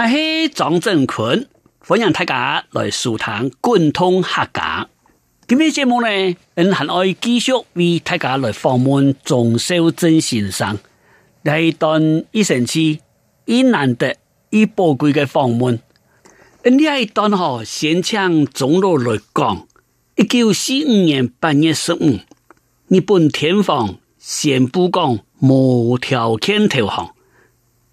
我是張振坤，歡迎大家來收看貫通客家。今日節目呢，我係繼續為大家來訪問鍾肇政先生，來當一，生一段伊上次伊難得伊寶貴的訪問。我喺一段嗬，先將中路來講，一九四五年八月十五，日本天皇宣布講無條件投降。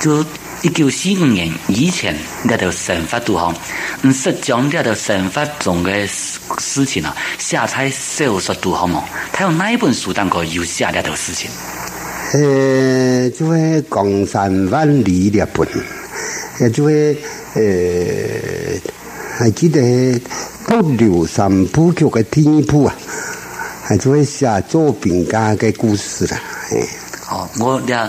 就一九四五年以前，那條神話讀好，唔、嗯、是講這條神話中嘅事情啊，下冊小說讀好嘛？他用哪一本書當個有下這條事情？誒，就係《江山萬里》呢本，就係呃，還記得《濁流三部曲》嘅第一部啊，係做下做餅乾嘅故事啦。誒，好，我倆。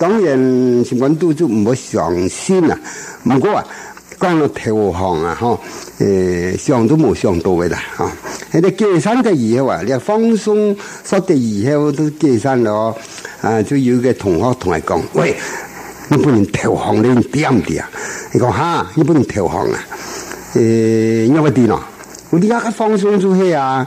當然，我都都唔會上先啊。唔過啊，講到投降啊，嗬、哦，誒，上都冇上到，哦、位啦。喺啲健身嘅以後啊，你放鬆，甩啲以後都健山咯。啊，就有一個同學同我講：喂，你不能投降，你點啲啊？你講吓，你不能投降啊？誒，有乜點啊？我啲家放鬆做咩啊？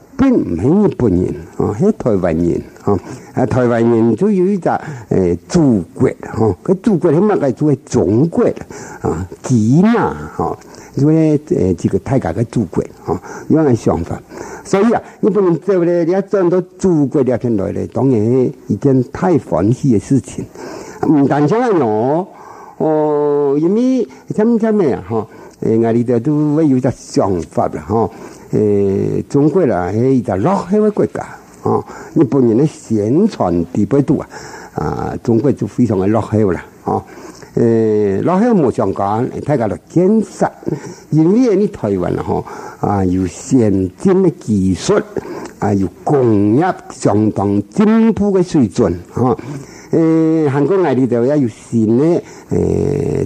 邊唔係日本人，哦係台灣人，哦、台灣人，都有一個誒祖國，嗬、哦，祖國起乜嚟做為中國咧，啊，幾難，因為誒個大家嘅祖國，有咁嘅想法，所以啊，日本人走嚟，你轉到祖國呢邊嚟咧，當然係一件太歡喜嘅事情。唔、啊、單止係我，哦，因為咁咁樣啊，嗬、啊，誒，我哋都都有啲想法啦，嗬、哦。誒中國啦、啊，係一個落後嘅國家，哦，日本人嘅宣傳幾百多啊，中國就非常嘅落後，啦，哦，誒落後冇相干，睇下落建設，因為你台灣啦，嗬，啊有先進的技術，啊有工業相當進步的水準，哦，誒韓國內地也有新的。誒。